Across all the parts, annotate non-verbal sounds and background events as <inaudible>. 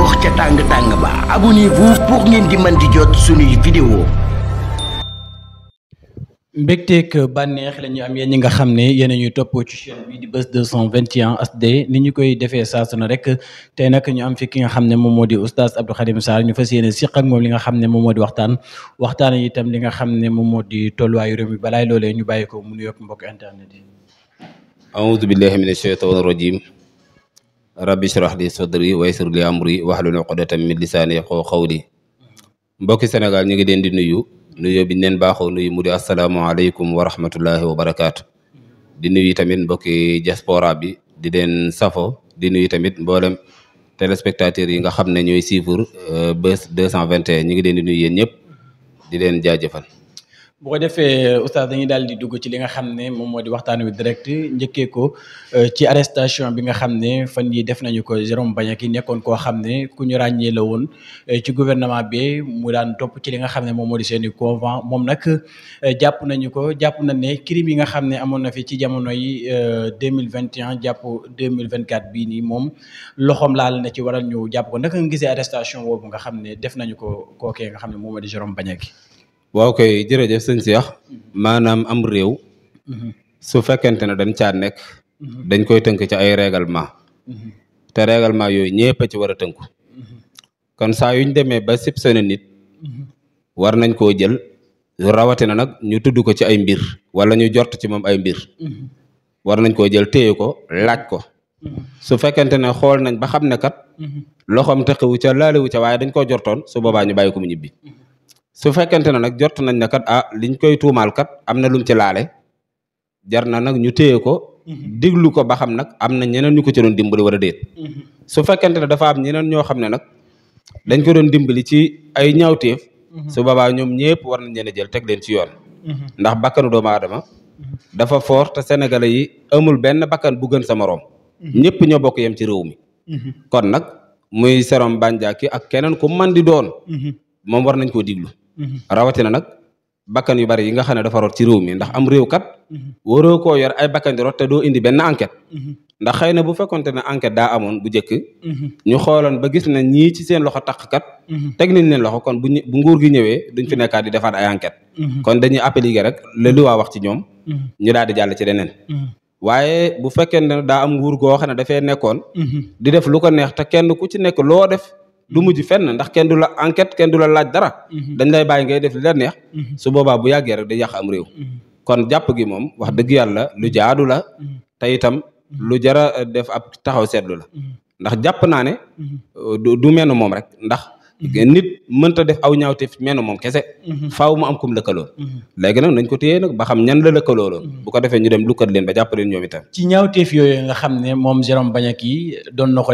góor ca tàng-tàng ba abonnez-vous pour ngeen di mën di jot suñuy vidéo mbégteeg bànneex la ñu am yéen ñi nga xam ne yéen a ñuy topp ci chaîne bi di Buzz 221 HD ni ñu koy defee saa su rek tey nag ñu am fi ki nga xam ne moom moo di oustaz Abdou Khadim Sarr ñu fas yéene siq ak moom li nga xam ne moom moo di waxtaan waxtaan itam li nga xam ne moom moo di tolluwaayu réew mi balaay loolee ñu bàyyi ko mu nuyoog mbokk internet yi. aouzu billahi mina shaytaani rabbi shrah li sadri wa yassir li amri wahlul 'uqdatam min lisani yaqulu qawli mbokki senegal ñi ngi den di nuyu nuyu bi ñu baxo nuyu mudi assalamu alaykum wa rahmatullahi wa barakatuh di nuyu tamit mbok diaspora bi di den safo di nuyu tamit mbolam telespectateur yi nga xamne ñoy ñooy suivre Buzz 221 ñi ngi den di nuyu yeen ñep di den jaajëfal bu ko defee oustaz dañuy daal di dugg ci li nga xam ne moom moo di waxtaan wi direct njëkkee ko euh, ci arrestation bi nga xam ne fan yi def nañu ko Jérôme Bandiaky nekkoon koo xam ne ku ñu ràññee la woon euh, ci gouvernement bi mu daan topp ci li nga xam ne moom moo di seen i convent moom nag euh, jàpp nañu ko jàpp nañ ne crime yi nga xam ne amoon na fi ci jamono yi deux mille vingt et jàpp deux mille vingt quatre bii nii moom loxoom laal na ci waral ñu jàpp ko naka nga gisee arrestation boobu nga xam ne def nañu ko kookee nga xam ne moom moo di Jérôme Bandiaky waaw koy jërëjëf sëñ Cheikh maanaam am réew mhm. su fekkente ne dañ caa nekk mhm. dañ koy tënk ci ay règlement mhm. te règlement yooyu ñëpp a ci war a tënku kon saa yuñ demee ba sib seen nit war nañ koo jël rawatina nag ñu tudd ko ci ay mbir wala ñu jort ci moom ay mbir war nañ koo jël téye ko laaj ko su fekkente ne xool nañ ba xam ne kat loxoom tëqiwu ca laaliwu ca waaye dañ koo jortoon su boobaa ñu bàyyi ko mu ñibbi su fekkente ne nag jot nañ ne kat a ah, liñ koy tuumaal kat am na lum ci laale jar na nag ñu téye ko. Mhm. diglu ko ba xam nag am na ñeneen ñu ko ci doon dimbali wala déet. Mhm. su fekkente ne dafa am ñeneen ñoo xam ne nag dañ ko doon dimbali ci ay ñaawteef. Mhm. su boobaa ñoom ñëpp war nañ leen jël teg leen ci yoon. ndax bakkanu doom aadama. dafa foor te sénégalais yi amul benn bakkan bu gën sa moroom. ñëpp ñoo bokk yem ci réew mi. kon nag muy Serom ki ak keneen ku man di doon. moom war nañ koo diglu. Mm-hmm. rawatina nag bakkan yu bari yi nga xam ne dafa rot ci réew mi ndax am réew kat mm-hmm. waroo ko yor ay bakkan di te doo indi benn enquête mm-hmm. ndax xay na bu fekkonte ne enquête da amoon bu jëkk ñu xooloon ba gis na ñii ci seen loxo taq kat teg nañ leen kon bu bu nguur gi ñëwee duñ fi nekkaat di defaat ay enquête kon dañuy appliquer rek la luwaa wax ci ñoom ñu daal di jàll ci leneen waaye bu fekkee ne daa am nguur goo xam ne dafay nekkoon di def lu ko neex te kenn ku ci nekk loo def du mujj fenn ndax kèn dula enquête kèn dula laaj dara mhm. dañ lay bay ngay def li la neex mhm. su boba bu yagge rek day am rew mhm. kon japp gi mom wax deug yalla lu jaadu la tay itam lu jara def ab taxaw seetlu la ndax nane, naa ne euh, du menn mom rek ndax nit def aw ñaawteef menn mom kese faaw mu am kum lëkkaloo léegi nak nañ ko téye nak ba xam ñan la lëkkaloo lo bu ko defé ñu dem ko leen ba japp leen ñoom itam ci ñaawteef yoy nga xam ne moom Jérôme Bagnac yi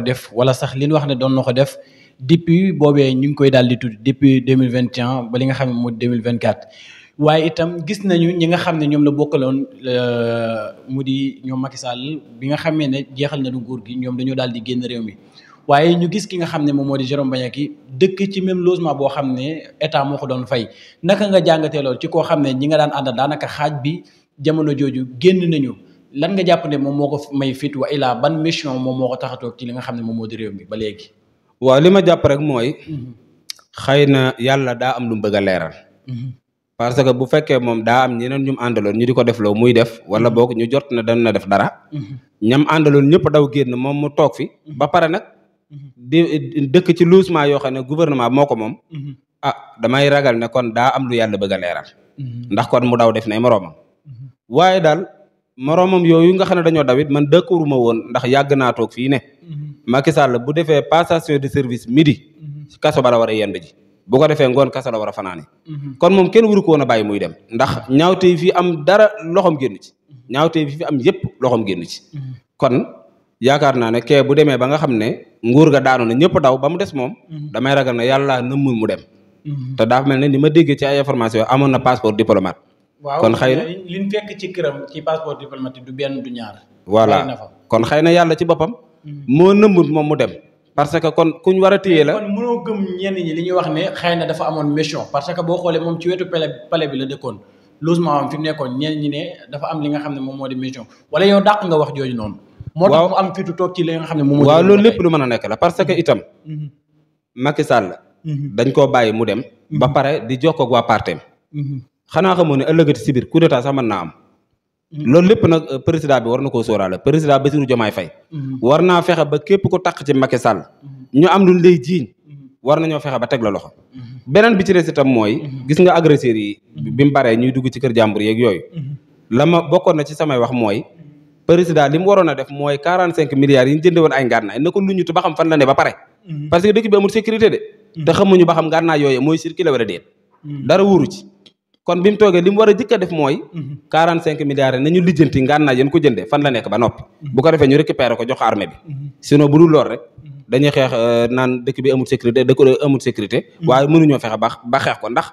def wala sax liñ wax ne don nako def depuis boobee ñu ngi koy daal di tudd depuis deux mille vingt et un ba li nga xam ne moo deux mille vingt quatre waaye itam gis nañu ñi nga xam ne ñoom la bokkaloon euh, mu di ñoom Macky Sall bi nga xamee ne jeexal na du nguur gi ñoom dañoo daal di génn réew mi waaye ñu gis ki nga xam ne moom moo di Jérôme Bandiaky dëkk ci même logement boo xam ne état moo ko doon fay naka nga jàngatee lool ci koo xam ne ñi nga daan àndal daanaka xaaj bi jamono jooju génn nañu lan nga jàpp ne moom moo ko may fit wa ilaa ban mission moom moo ko taxatoog ci li nga xam ne moom moo di réew mi ba léegi waaw li ma jàpp rek mooy mhm. xëy na yàlla daa am lu mu bëgg a leeral mhm. parce que bu fekkee moom daa am ñeneen ñum mu ñu di ko def loo muy def wala mhm. boog ñu jot na dañ na def dara ñam àndaloon ñëpp daw génn moom mu toog fi ba pare nag di dëkk ci logement yoo xam ne gouvernement moo ko moom a ah, damay ragal ne kon daa am lu yàlla bëgg a leeral ndax kon mu daw def nay moroomam waaye daal moroomam yooyu nga xam ne dañoo dawit man dëkkuruma woon ndax yàgg naa too fii ne Macky Sall bu defee passation de service midi mhm. kaso ba la war a yendu ji bu ko defee ngoon kaso la war a mhm. kon moom kenn wuru ko woon a bàyyi muy dem ndax ñaawtee fi am dara loxom génn ci mhm. ñaawtee fi am yépp loxom génn ci kon yaakaar naa ne kee bu demee ba nga xam ne nguur ga daanu na ñëpp daw ba mu des moom damay ragal ne yàlla nëmmul mu dem te dafa mel ne ni ci ay information amoon passeport diplomate kon xëy na liñ fekk ci këram ci passeport diplomatique du benn du ñaar voilà kon xëy na yàlla ci boppam Mm-hmm. moo nëmbut moom mu dem. parce que kon kuñ war a téye la kon gëm ñenn li ñu wax ne xëy na dafa amoon mission parce que boo xoolee moom ci wetu pale pale bi la dëkkoon logement am fi mu nekkoon ñenn ne dafa am li nga xam ne moom moo di mission wala yow dàq nga wax jooju noonu. moo tax mu am fitu toog ci li nga xam ne moom moo. waaw loolu lépp lu mën a nekk la parce que itam. Mm-hmm. Macky Sall. Mm-hmm. dañ koo bàyyi mu dem. ba pare di jokkoo ak waa partem xanaa xamoo ne ëllëgati si biir coup d'état sax mën naa am. Mm-hmm. loolu lépp nag euh, président bi war na koo sóoraale président Bassirou Diomaye fay mm-hmm. war naa fexe ba képp ko taq ci Macky Sall mm-hmm. ñu am luñ lay jiiñ war nañoo fexe ba teg la loxo beneen bi ci des itam mooy gis nga agresseurs yi bi mu baree ñuy dugg ci kër jàmbur yeeg yooyu la ma bokkoon na ci samay wax mooy président li mu waroon a def mooy quarante cinq milliards yi ñu jënde woon ay ngànnaay na ko lu ñutu ba xam fan la ne ba pare parce que dëkk bi amul sécurité de te xamuñu ba xam ngànnaay yooyu mooy dara wóoru ci kon bi mu toogee li mu war a jëkk a def mooy. 45 mhm. milliards nañu lijjanti ngànnaay yéen ko jëndee fan la nekk ba noppi. Mhm. bu ko defee ñu récupérer ko jox armée bi. Mhm. sinon bu dul lool rek. dañuy xeex euh, naan dëkk bi amul sécurité dëkk bi amul sécurité. waaye mënuñoo fexe ba ba xeex ko ndax.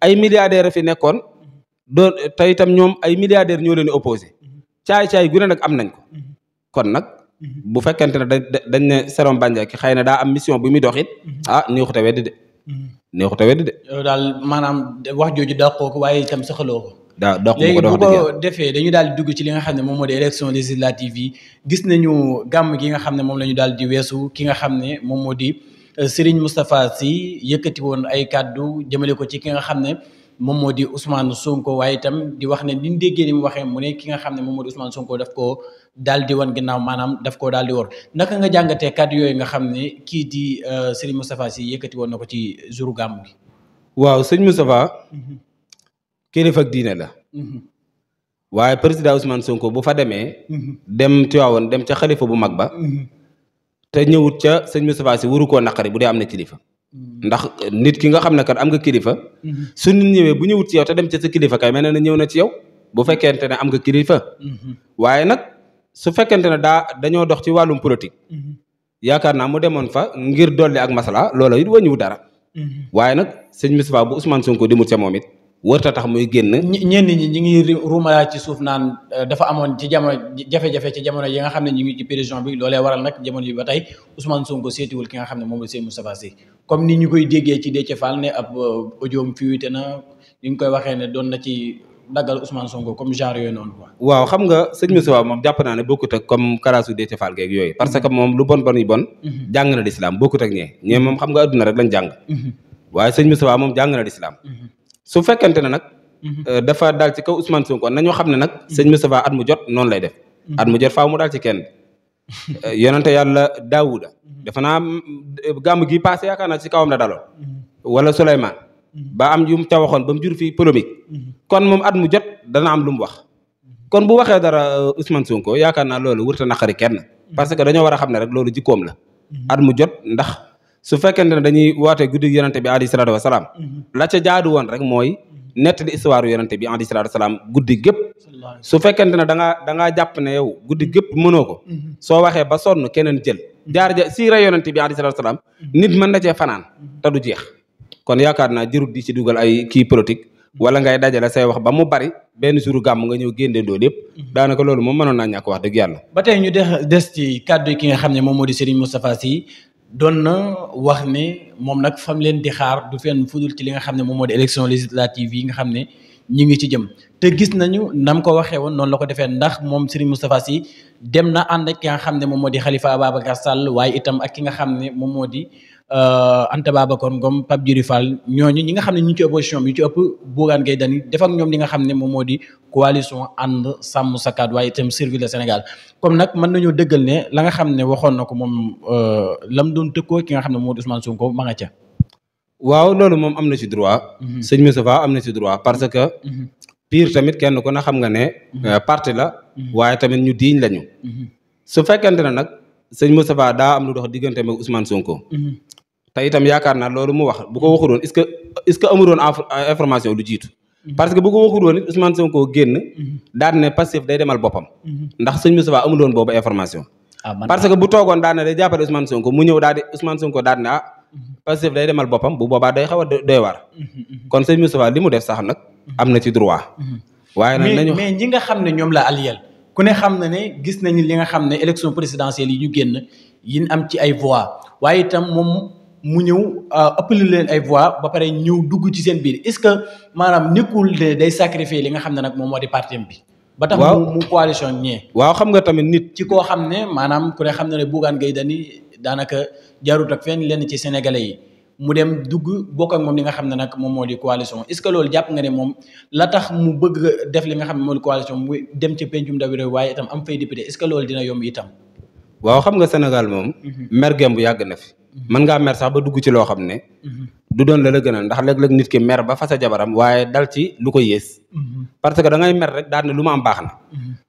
ay milliardaires fi nekkoon. doon te itam ñoom ay milliardaires ñoo leen opposé. caay-caay gu ne nag am nañ ko. kon nag. bu fekkente ne dañ ne Sérém Bandiaky xëy na daa am mission bu muy dox it. ah nii ko Mm-hmm. neexu ta wedd de. yow daal maanaam wax jooju dàqoo ko waaye itam saxaloo ko. daa dàqu ko defee dañu daal di dugg ci li nga xam ne moom moo di élection législative yi gis nañu gàmm gi nga xam ne moom la ñu daal di weesu ki nga xam ne moom moo di euh, Serigne Moustapha si yëkkati woon ay kàddu jëmale ko ci ki nga xam ne. moom moo di Ousmane Sonko waaye itam di wax ne ni ñu déggee ni mu waxee mu ne ki nga xam ne moom moo di Ousmane Sonko daf ko daal di wan ginnaaw maanaam daf koo daal di wor naka nga jàngatee kàddu yooyu nga xam ne kii di euh, sëriñ Moustapha Sy yëkkati woon na ko ci jouru gàmm gi. waaw sëñ Moustapha. Mhm. kilifa diine la. Mhm. waaye président Ousmane Sonko bu fa demee. Mhm. dem Tiwaawoon dem ca xalifa bu mag ba. te ñëwut ca sëñ Moustapha Sy waru koo naqari bu dee am na kilifa. ndax nit ki nga xam ne kat am nga kilifa. su nit ñëwee bu ñëwut ci yow te dem ca sa kilifa kay mel na ne ñëw na ci yow bu fekkente ne am nga kilifa. waaye nag su fekkente ne daa dañoo dox ci wàllum politique. yaakaar naa mu demoon fa ngir dolli ak masala loola it wàññiwu dara. Mm-hmm. waaye nag sëñ Moustapha bu Ousmane Sonko demut ca moom wërta tax muy génn. ñenn ñi ñi ngi ruumalaat ci suuf naan euh, dafa amoon ci jamono jafe nga xam ne ñu ngi ci prison bi loolee waral nag jamono yi ba tey Ousmane Sonko seetiwul ki nga xam ne moom la Sëñ comme ni ñu koy déggee ci Déthié Fall ne ab euh, audioom koy waxee ne doon na ci daggal Ousmane Sonko comme genre yooyu noonu waaw xam nga sëñ Moustapha moom jàpp naa ne bokkut ak comme karaasu Déthié Fall geeg yooyu parce que moom lu bon bon yi mhm. bon. jàng na lislaam bokkut ak ñee ñee moom xam nga adduna rek lañ jàng. Mhm. waaye sëñ Moustapha moom jàng na lislaam mhm. su fekkente ne nag. Mhm. Euh, dafa daal ci kaw Ousmane Sonko nañu xam ne nag mhm. sëñ Moustapha at mu jot noonu lay def. Mhm. at mu jot faaw mu daal ci kenn. <laughs> Euh, yonente yàlla Daawuda. dafa naa euh, gàmm gi passé yaakaar naa ci kawam la daloo. wala Souleymane. ba am yu mu ca waxoon ba mu jur fii polémique. kon moom at mu jot dana am lu mu wax. kon bu waxee dara Ousmane Sonko yaakaar naa loolu wërta naqari kenn. parce que dañoo war a xam ne rek loolu jikkoom la. at jot ndax su fekkene dañuy woote guddi yonente bi alayhi salaatu wasalaam mhm. la ca jaadu won rek mhm. net di histoire yonente bi alayhi salaatu wasalaam guddi gep su fekkene da nga da nga japp ne yow guddi gep mënoo so mhm. soo ba sonn kenen jël jaar ja ray yonente bi alayhi salaatu nit man na cee fanaan ta du jeex kon yakarna jirut di ci dugal ay ki politique wala ngay dajala say wax ba mu bari ben suru gam nga ñëw génne doolu yëpp daanaka lolu mo mënoon na ñak wax deug yalla batay ñu dess ci ki nga xamne modi Serigne Moustapha doon na wax ne moom nag fam leen di xaar du fenn fudul ci li nga xam ne moom moo di élection législative yi nga xam ne ñu ngi ci jëm te gis nañu nam ko waxee woon noonu la ko defee ndax moom Serigne Moustapha si dem na ànd ak ki nga xam ne moom moo di Khalifa Ababacar sàll waaye itam ak ki nga xam ne moom moo di Euh, Anta Babacar Ngom Pape Djibril Fall ñooñu ñi nga xam ne ñu ci opposition bi ñu ci ëpp Bougane Gueye Dany def ñoom li nga xam ne moom moo di coalition ànd sàmm sa kàddu waaye itam servir le Sénégal comme nag mën nañoo dëggal ne la nga xam ne waxoon na ko moom euh, lam doon tëkkoo ki nga xam ne moo di Ousmane Sonko ma nga ca. waaw loolu moom am na ci droit. Mhm. sëñ Moustapha am na ci droit parce que. Mhm. pire tamit kenn ku ne xam nga ne. Mhm. Euh, parti la. waaye tamit ñu diiñ lañu. su fekkente ne nag sëñ Moustapha daa am lu dox diggante ak Ousmane Sonko. te itam yaakaar naa loolu mu wax bu ko waxul woon est-ce information lu jiitu mhm. parce que bu ko waxul woon it Ousmane Sonko génn mhm. daal ne Pastef day demal boppam mhm. ndax sëñ Moustapha amul woon boobu information ah, parce que bu toogoon daal ne day jàppale Ousmane Sonko mu ñëw daal di Ousmane Sonko daal ah Pastef day demal boppam bu boobaa day xaw a doy waar kon sëñ Moustapha li mu def sax nag am na ci droit waaye nag nañu mais ñi nga xam ne ñoom la alliel ku ne xam na li nga xam ne élection présidentielle yi ñu génn yin am ci ay voix waaye mu ñëw euh, ëppale leen ay voix ba pare ñëw dugg ci seen biir est-ce que maanaam nekkul ne day sacrifier li nga xam ne nag moom moo di parti bi. ba tax mu mu coalition ñee. waaw xam nga tamit nit. ci koo xam ne maanaam ku ne xam na ne Bougane Gueye Dany daanaka jarut ak fenn lenn ci sénégalais yi mu dem dugg bokk ak moom li nga xam ne nag moom moo di coalition est-ce que loolu jàpp nga ne moom la tax mu bëgg def li nga xam ne moo di coalition mu dem ca pencum ndawi réew waaye itam am fay député est-ce que loolu dina yomb itam. waaw xam nga Sénégal moom. Mhm. mer bu yàgg na fi. mën ngaa mer sax ba dugg ci loo xam ne du doon la la gënal ndax léeg-léeg nit ki mer ba fasa jabaram waaye dal ci lu ko yées parce que dangay ngay rek daal ne lu ma am baax na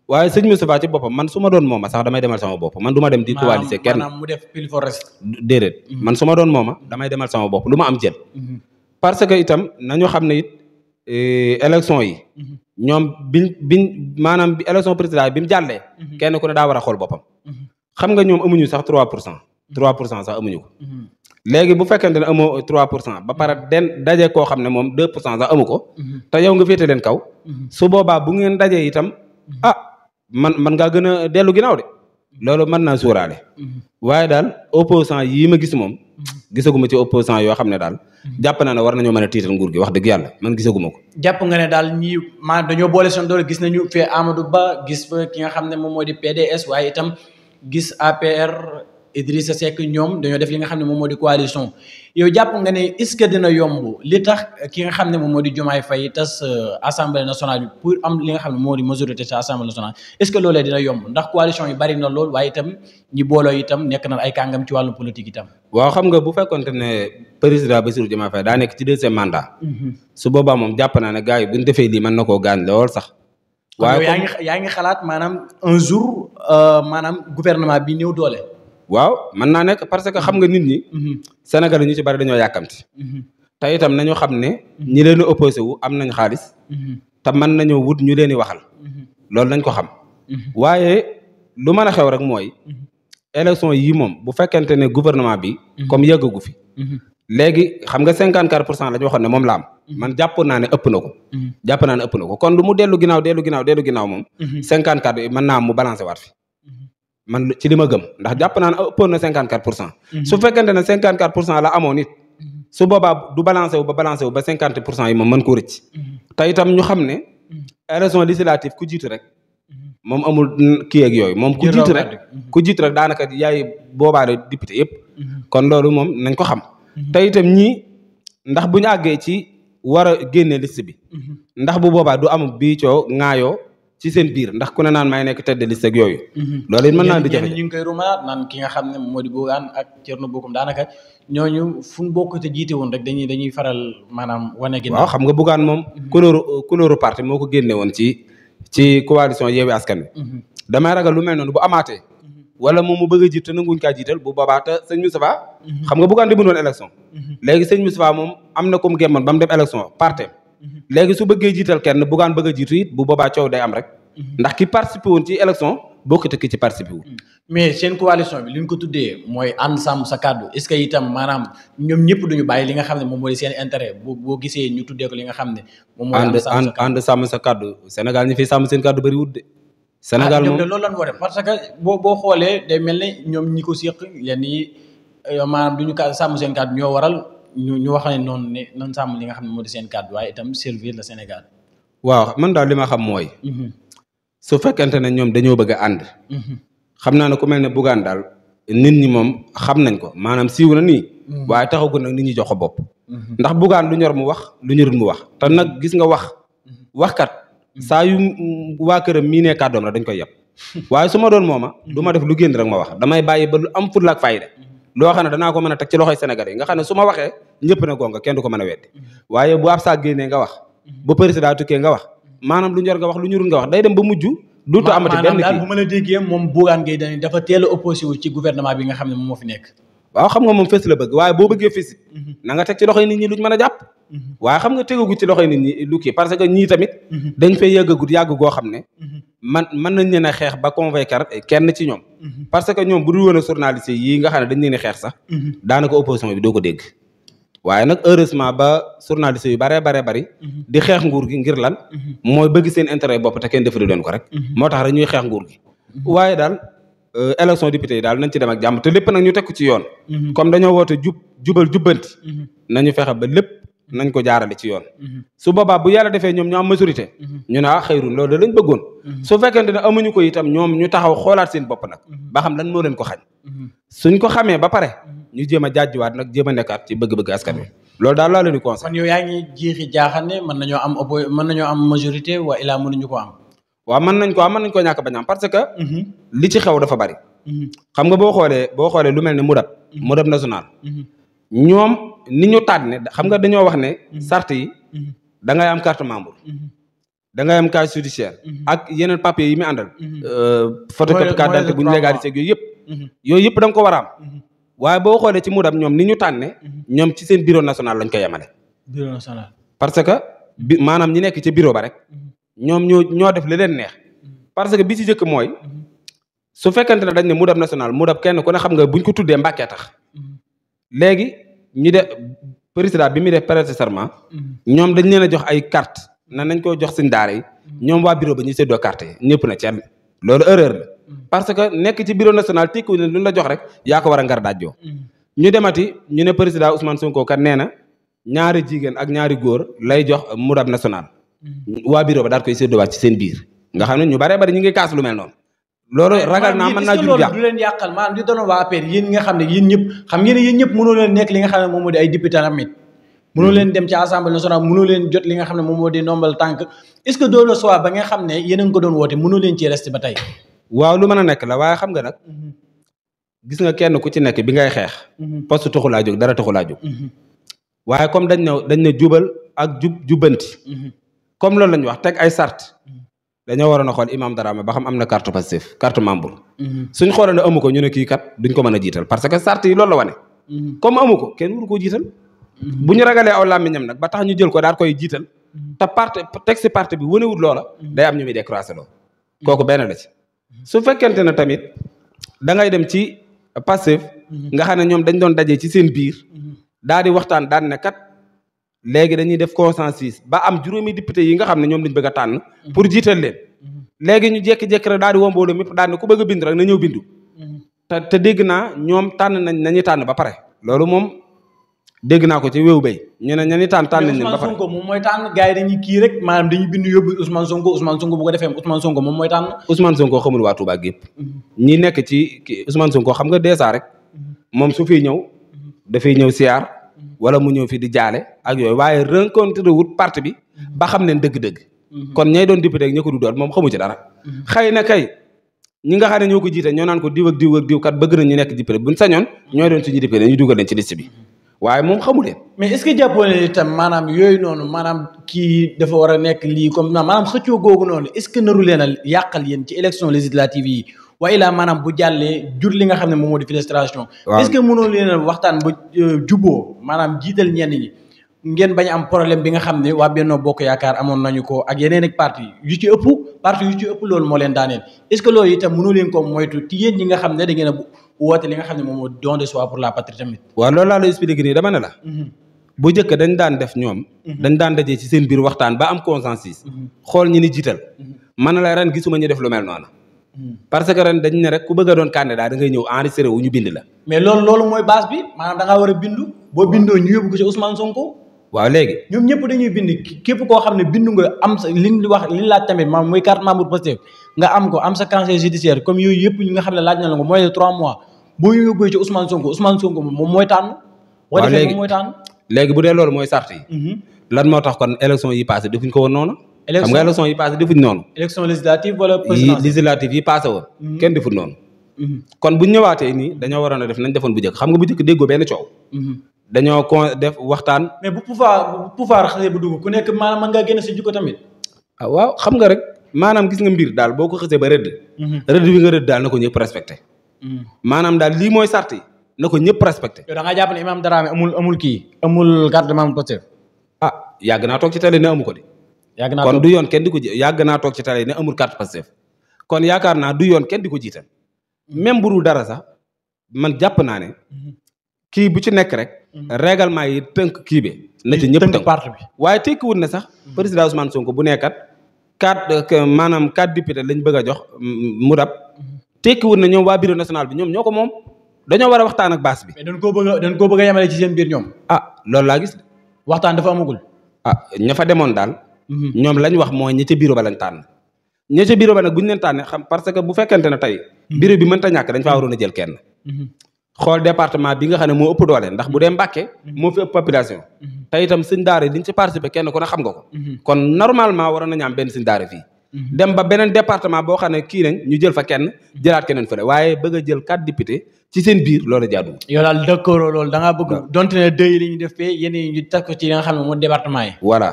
waaye sëñ Moustapha ci boppam man su ma doon mooma sax damay demal sama bopp man du ma dem di coaliser kenn mu def pile for reste déedéet mm-hmm. man su ma doon mooma damay demal sama bopp lu ma am jël mm-hmm. parce que itam nañu xam ne it eh, élection yi mm-hmm. ñoom biñ biñ maanaam élection président bi mu jàllee kenn ku ne daa war xool boppam xam nga ñoom amuñu sax trois pour cent 3 pour cent sax amuñu ko. Mhm. léegi bu fekkente ne amoo trois pour cent ba pare mhm. den daje koo xam ne moom 2 pour cent sax amu ko. Mhm. te yow nga féete leen kaw. su boobaa bu ngeen dajee itam ah man man ngaa gën a dellu ginnaaw de loolu mën naa suuraale. waaye daal opposant yii ma gis moom. gisaguma ci opposant yoo xam ne daal. jàpp naa ne war nañoo mën a tiital nguur gi wax dëgg yàlla man gisaguma ko. jàpp nga ne daal ñii maanaam dañoo boole soon doole gis nañu fee Amadou Ba gis fa ki nga xam ne moom moo di PDS waaye itam gis APR. Idrissa Seck ñoom dañoo def li nga xam ne moom moo di coalition yow jàpp nga ne est-ce que dina yomb li tax ki nga xam ne moom moo di Diomaye Faye tas euh, assemblée nationale pour am li nga xam ne moo di majorité ci assemblée nationale est-ce que loolee dina yomb ndax coalition yi bari na lool waaye itam ñi itam nekk na ay kàngam ci wàllu politique itam. waaw xam nga bu fekkonte ne président Bassirou Diomaye Faye daa nekk ci deuxième mandat. Mm-hmm. su boobaa moom jàpp naa ne gars yi bu ñu defee lii mën na koo gaañ lool sax. waaye yaa ngi ngi xalaat maanaam un jour euh, maanaam gouvernement bi néew doole. waaw mën naa nekk parce que xam nga nit ñi. Mhm. Sénégal ñu ci bari dañoo yàkkamti. Mhm. te itam nañu xam ne. Mhm. ñi leen opposé wu am nañ xaalis. te mën nañoo wut ñu leen di waxal. loolu nañ ko xam. waaye lu mën a xew rek mooy. élection yi moom bu fekkente ne gouvernement bi. comme yëggagu fi. léegi xam nga 54 pour cent la ñu waxoon ne moom la man jàpp naa ne ëpp na ko. jàpp naa ne ëpp na kon lu mu dellu ginnaaw dellu ginnaaw dellu ginnaaw moom. 54 bi mën naa mu balancé waat fi. man ci li ma gëm ndax jàpp naa ne ëppoon na cinquante pour cent mhm. su fekkente ne cinquante quatre pour cent la amoon it mhm. su boobaa du balancé wu ba balancé wu ba cinquante pour cent yi moom mën koo rëcc mhm. te itam ñu xam ne élection législative ku jiitu rek moom amul kii ak yooyu moom ku jiitu rek ku jiitu rek daanaka yaay boobaale député yëpp kon loolu moom nañ ko xam te itam ñii ndax bu ñu àggee ci war a génne liste bi ndax bu boobaa du am bii coo ci seen biir ndax ku ne naan maay nekk tête de liste ak yooyu. Mhm. loolu it mën naa di jafe ñu ngi koy romanaat naan ki nga xam ne moo di Bougane ak Thierno Bocoum daanaka ñooñu fu ñu bokk te jiite woon rek dañuy dañuy faral maanaam wane. ginnaaw waaw xam nga Bougane moom. couleur mhm. couleur euh, parti moo ko génne woon ci ci coalition Yewwi Askan Wi. Mhm. damay ragal lu mel noonu bu amaatee. wala moom mu bëgg a jiite te nanguñ kaa jiital bu boobaa te sëñ Moustapha. xam nga Bougane demoon woon élection. léegi sëñ Moustapha moom am na comme gémmoon ba mu dem élection partem Mhm. léegi su bëggee jiital kenn bugaan bëgg a jiitu it bu booba coow day am rek mhm. ndax ki participé woon ci élection bokkut ak ki ci participé wu. Mhm. mais bi li ñu ko tuddee mooy ànd sàmm sa kàddu est que itam maanaam ñoom ñëpp duñu bàyyi li nga xam ne moom mooy seen intérêt boo boo gisee ñu tuddee ko li nga xam ne. moom mooy ànd ànd ànd sàmm sa kàddu Sénégal ñi fi sàmm seen kàddu bëri wut de. Sénégal ah, moom loolu lan war a parce que boo boo xoolee day mel ne ñoom ñi ko séq yenn yi euh, maanaam duñu sàmm seen kàddu ñoo waral. ñu ñu wax ne noonu ne noonu sàmm li xam ne moo di seen kàddu waaye itam servir le Sénégal. waaw man daal li ma xam mooy. Mhm. su fekkente ne ñoom dañoo bëgg ànd. Mhm. xam naa ne ku mel ne Bougane daal nit ñi moom xam nañ ko maanaam siiw na nii. Mhm. waaye taxagu nag nit ñi jox ko bopp. ndax Bougane lu ñor mu wax lu ñorul mu wax te nag gis nga wax. waxkat saa yu waa këram mii nee kàddoom rek dañ koy yab <laughs> waaye su doon mooma. du ma def lu génn rek ma wax damay bàyyi ba lu am fulla ak fayda loo xam ne danaa ko mën a teg ci loxoy Sénégalais yi nga xam ne su waxee ñëpp na gonga kenn du ko mën a weddi waaye bu ab saag génnee nga wax bu président tukkee nga wax maanaam lu ñor nga wax lu ñurul nga wax day dem ba mujj duutu amati benn kii daal bu ma la déggee moom dafa teel a opposé wu ci gouvernement bi nga xam ne moom moo fi nekk waaw xam nga moom fës la bëgg waaye boo bëggee fës mhm. na nga teg ci loxoy nit ñi duñ mën a jàpp Mhm. wa xam nga teggu ci loxoy nit ñi lu kii parce que ñi tamit mhm. dañ fay yàggagut yàgg goo xam ne mhm. man mën nañ leen xex ba convaincre kenn ci ñom parce que ñom bu dul woon journaliste yi nga xam dañ leen xex xeex sax daanaka opposition bi do ko dégg waye nak heureusement ba journaliste yu bare bare bari di xex nguur gi ngir lan moy bëgg seen intérêt bop ta kenn defu leen ko rek motax tax rek ñuy xeex nguur gi waye dal euh, élection député dal nañ ci dem ak jamm te lepp nak ñu teg ci yoon comme dañoo wote jub jubal jubanti nañu fexé ba lepp nañ ko jaarale ci yoon mhm. su boobaa bu yàlla defee ñoom ñu am majorité mhm. ñu ne ah xëyrun loolu lañ bëggoon mhm. su fekkente ne amuñu ko itam ñoom ñu taxaw xoolaat seen bopp nag ba xam lan moo leen ko xañ suñ ko xamee ba pare ñu jéem a jàjjuwaat nag jéem a nekkaat ci bëgg-bëgg askan wi loolu daal laa leen di conseil kon yow yaa ngi jiixi jaaxane mën nañoo am oppo mën nañoo am majorité wa ilaa mënuñu ko waaw mën nañ ko am mën nañ ko ñàkk bañ parce que li ci xew dafa bari xam nga boo xoolee boo xoolee lu mel ne murab murab national ñoom ni ñu tànne xam nga dañoo wax ne mhm. sarti mhm. da ngay am carte membre mhm. da ngay am carte judiciaire ak yeneen papier yi muy àndal euh, photocopie carte d'identité bu ñu légalisé ak yooyu yëpp yooyu yëpp da nga ko war a am waaye boo xoolee ci mudam ñom ni ñu tànne ñom ci seen bureau national lañ ko yamalé bureau national parce que bi ñi nekk ci bureau ba rek ñom ñoo ñoo def leneen neex parce que bi ci jëk moy su fekkante dañ ne mudab national mudab kenn ku ne xam nga buñ ko tuddé mbacké tax légui ñu de président bi muy def prêter serment mm-hmm. ñoom dañ leen a jox ay carte nan nañ ko jox seen daara mm-hmm. ñoom waa bureau ba ñu séddoo carte yi ñëpp na ceeb loolu erreur la mm-hmm. parce que nekk ci bureau national tikku ne lu la jox rek yaa ko war a ngar daajjoo ñu demati ñu ne président Ousmane Sonko kat nee na ñaari jigéen ak ñaari góor lay jox murab national waa bureau ba daal koy waat ci seen biir nga xam ne ñu baree bari ñu ngi kaas lu mel noonu loolu ragal naa mën naa jur yàq du leen yàqal maanaam di doon waa APR yéen nga xam ne yéen ñëpp xam ngeen ne yéen ñëpp mënoo leen nekk li nga xam ne moom moo di ay député tamit mënoo leen dem ci assemblée ne moom moo di nombal tànk est ce que a waaw lu mën a nekk la waaye xam nga nag mhm. gis nga kenn ku ci nekk bi ngay xeex mhm. poste taxul laa jóg dara taxul laa jóg mhm. waaye comme dañ ne dañ ne jubal ak jub jubanti comme loolu lañ wax teg ay sart dañoo waroon a xool Imam Darame ba xam am na carte Pastef carte membre. Mhm. suñ xoolee ne amu ko ñu ne kii kat duñ ko mën a jiital parce que sart yi loolu la wane. Mhm. comme amu ko kenn waru ko jiital. Mhm. bu ñu ragalee aw làmmiñam nag ba tax ñu jël ko daal koy jiital. te parti texte parti bi wanewut loola. day am ñu muy décroisé loo. kooku benn la su fekkente ne tamit da ngay dem ci Pastef. nga xam ne ñoom dañ doon daje ci seen biir. daal di waxtaan daal ne kat. léegi dañuy def consensus ba am juróomi député yi nga xam ne ñoom lañ bëgg a tànn. pour jiital leen. léegi ñu jékki-jékki rek daal di womboo mépp daal ne ku bëgg a bind rek na ñëw bindu te te dégg naa ñoom tànn nañ nañu tànn ba pare loolu moom dégg naa ko ci wéew bay ñu ne ñani tànn tànn nañ ba pare Sonko moom mooy tànn gars yi dañuy kii rek maanaam dañuy bind yóbbu Ousmane Sonko Ousmane Sonko bu ko defee Ousmane Sonko moom mooy tànn Ousmane Sonko xamul waa Touba gépp ñi nekk ci Ousmane Sonko xam nga dèjà rek moom su fiy ñëw dafay ñëw siyaar wala mu ñëw fi di jaale ak yooyu waaye rencontre wut parti bi ba xam leen dëgg-dëgg Mhm. kon ñay doon député ak ña ko du doon moom xamu ci dara mhm. xëy na kay ñi nga xam ne ñoo ko jiite ñoo naan ko diw ak diw ak diw kat bëgg na ñu nekk député buñ sañoon ñooy doon suñu député ñu dugal leen ci liste bi mhm. waaye moom xamu leen mais est-ce que jàppoo ne maanaam yooyu noonu maanaam kii dafa war a nekk lii comme maanaam xëccoo googu noonu est-ce naru leen a yàqal yéen ci élection législative yi waaye laa maanaam bu jàllee jur li nga xam ne moom moo di frustration est-ce que mënoo leen waxtaan ba euh, juboo maanaam jiital ñenn ñi ngeen bañ am problème bi nga xam ne waa Benno Bokk Yaakaar amoon nañu ko ak yeneen ak parti yu ci ëpp parti yu ci ëpp loolu moo leen daaneel est-ce que loolu itam mënu leen ko moytu ci yéen ñi nga a woote li moo don de soi pour mm-hmm. dañ daan def ñoom. Mm-hmm. dañ daan dajee ci seen biir waxtaan ba am consensus. Mm-hmm. xool ñi ni jiital. man la ren gisuma ñu def lu mel noonu. parce que ren dañ ne rek ku bëgg a doon candidat da ngay ñëw enregistré wu ñu bind la. mais loolu loolu mooy base bi maanaam da ngaa waaw léegi ñoom ñëpp dañuy bind képp koo xam ne bind nga am sa liñ wax liñ laaj tamit maam membre Pastef nga am ko am sa casier judiciaire comme yooyu yëpp ñi nga xam ne laaj na la ko mooy de trois mois boo ñu moom mooy tànn. waaw léegi mooy tànn. léegi bu dee loolu mooy sart yi. Mhm. moo tax kon élection yi passé defuñ ko woon noonu. xam nga élection yi passé defuñ noonu. élection législative wala woon. Mhm. kenn deful noonu. Mhm. kon bu ñu ñëwaatee nii dañoo waroon a def nañ defoon bu njëkk xam nga bu njëkk déggoo benn coow dañoo con def waxtaan. mais bu pouvoir bu bu dugg ku nekk maanaam nga ngaa génn si ko tamit. Ah, waaw xam nga rek maanaam gis nga mbir daal boo ko xasee ba rëdd. Mhm. rëdd bi nga rëdd daal na ko ñëpp respecté. Mhm. maanaam daal lii mooy sart yi ko ñëpp respecte yow da ngaa jàpp ne Imaam Dramé amul amul kii amul garde membre Pastef. a ah, yàgg naa toog ci télé ne amu ko de. yàgg naa kon du yoon kenn di ko yàgg naa ci télé ne amul carte Pastef kon yaakaar naa du yoon kenn di ko jiital mhm. même bu dara sax man jàpp naa ne kii bu ci nekk rek Mm-hmm. règlement yi tënk kii bi na ci ñëpp tënk parti bi waaye tekkiwut ne sax mm-hmm. président Ousmane Sonko bu nekkat quatre euh, maanaam quatre député lañ bëgg a jox mm, mu te mm-hmm. tekkiwut ne ñoom waa bureau national bi ñoom ñoo ko moom dañoo war a waxtaan ak baas bi. mais dañ koo bëgg a dañ ci seen ñoom. ah loolu laa gis. waxtaan dafa amagul. ah ña fa demoon daal. ñoom lañ wax mooy ñi ca bureau ba lañ tànn. ña ca bureau ba nag bu ñu leen tànnee xam parce que bu fekkente ne tey. bureau bi mënta ñàkk dañ faa waroon a jël kenn. xool département bi nga xam ne moo ëpp doole ndax bu dee Mbàkke moo fi ëpp population mhm. te itam kenn ku xam nga ko mhm. kon normalement waroon nañu am benn sëñ daara fii mhm. dem ba boo xam ne kii nañ jël fa kenn jëlaat keneen fële bëgg jël quatre député ci seen biir loolu jaaduwul yow daal d'accord loolu da def fee yéen yi département yi voilà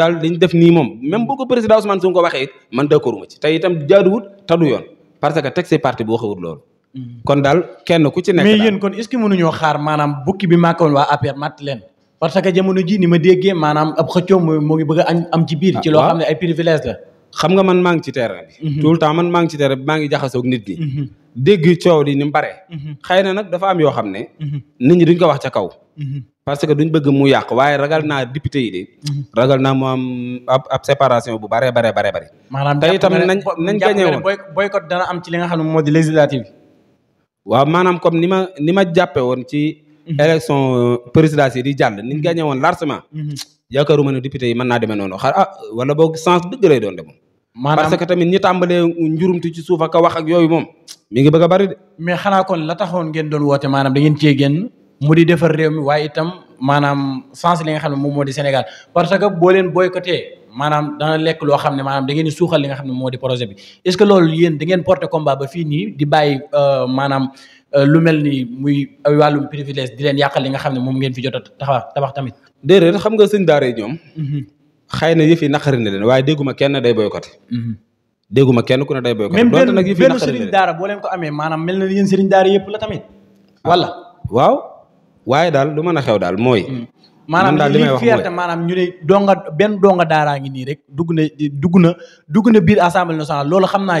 daal li ñu nii moom même bu ko président Ousmane Sonko ko waxee it man d'accorduma ci te itam jaaduwut te yoon parce que teg say parti boo xewul loolu Mm. kon daal kenn ku ci nekk mais yéen kon est ce que mënuñoo xaar maanaam bukki bi màkkoon waa APR matt leen parce que jamono ji ni ma déggee maanaam ab xëccoo moo ngi bëgg a am ci biir ci loo ah, xam ne ay privilège la xam nga man maa ngi ci terrain bi mhm. tout le temps man maa ngi ci terrain bi maa ngi jaxasoo ak nit ñi mhm. dégg coow li ni mu bare mhm. xëy na nag dafa am yoo xam ne nit ñi duñ ko wax ca kaw parce que duñ bëgg mu yàq waaye ragal naa député yi de ragal naa mu am ab ab séparation bu bare bare bare bare maanaam te itam nañ nañ gañe woon boycott dana am ci li nga xam ne moo di législative waaw maanaam comme ni ma ni ma jàppe woon ci mhm. élection euh, présidentielle yi di jàll ni ñu mhm. gagné woon largement mhm. yaakaaruma ne député yi mën naa demee noonu xar ah wala boog sens dëgg lay doon de moom maanaam parce que tamit ñi tàmbalee njurumti ci suuf ka wax ak yooyu moom mi ngi bëgg a bari de. mais xanaa kon la taxoon ngeen doon woote maanaam da ngeen cee génn mu di defar réew mi waaye itam maanaam sens li nga xam ne moom moo di Sénégal parce que boo leen boycotté maanaam dana lekk loo xam ne maanaam da ngeen di suuxal li nga xam ne moo di projet bi est-ce que loolu yéen da ngeen porter combat di bàyyi euh, maanaam euh, lu mel ni muy ay wàllum privilège di leen yàqal li nga xam ne moom ngeen fi jot a taxaw tabax tamit. déedéet xam nga sëñ daara yi ñoom. Mhm. xëy na yëf yi naqari na leen waaye dégguma kenn day boycotté. Mhm. dégguma kenn ku ne day boycotté. donte nag yëf yi naqari na leen même benn sëriñ daara boo leen ko amee maanaam mel na yéen sëriñ daara yëpp la tamit. wala ah, waaw daal lu man a xew daal mooy. Mhm. maanaam li fierté maanaam ñu ne donga benn donga daaraa ngi nii rek dugg na dugg na dugg na biir assemblée nationale loolu xam naa